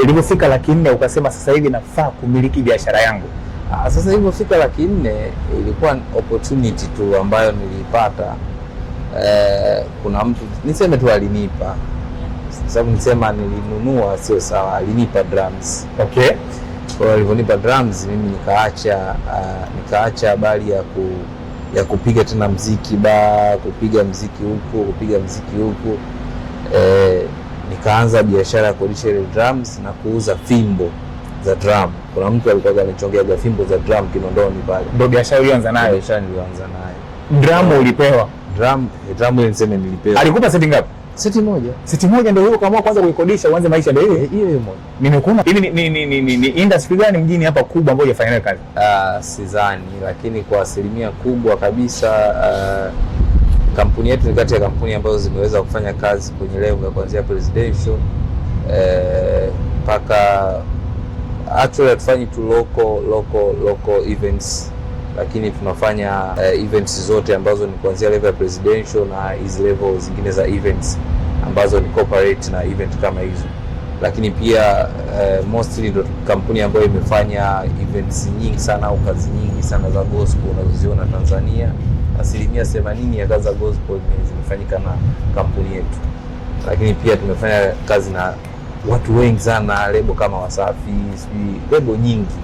ilivyofika laki nne ukasema sasa hivi nafaa kumiliki biashara yangu? Ah, sasa ilipofika laki nne ilikuwa opportunity tu ambayo niliipata. Eh, kuna mtu niseme tu alinipa, sababu nisema nilinunua sio sawa, alinipa drums. Okay. Kwa hiyo alivyonipa drums mimi nikaacha uh, nikaacha habari ya ku ya kupiga tena mziki ba kupiga mziki huku kupiga mziki huku eh, nikaanza biashara ya kuodisha ile drums na kuuza fimbo za drum. Kuna mtu alikuwa anachongeaga fimbo za drum Kinondoni pale, ndio biashara ulianza nayo? Biashara nilianza nayo. Drum ulipewa? Drum, eh, drum ile niseme nilipewa. Alikupa seti ngapi? Seti moja. Seti moja ndio hiyo ukaamua kwanza kuikodisha uanze maisha ndio hiyo. Eh, hiyo hiyo moja. Nimekuona. Hivi ni ni ni, ni, ni industry gani mjini hapa kubwa ambayo inafanya kazi? Ah, sidhani, lakini kwa asilimia kubwa kabisa uh, kampuni yetu ni kati ya kampuni ambazo zimeweza kufanya kazi kwenye level ya kuanzia presidential eh, mpaka eh, actually hatufanyi tu local local local events lakini tunafanya eh, events zote ambazo ni kuanzia level ya presidential na hizi level zingine za events ambazo ni corporate na event kama hizo, lakini pia eh, mostly ndo kampuni ambayo imefanya events nyingi sana au kazi nyingi sana za gospel unazoziona Tanzania asilimia themanini ya kazi za gospel zimefanyika na kampuni yetu, lakini pia tumefanya kazi na watu wengi sana, lebo kama Wasafi, sijui lebo nyingi.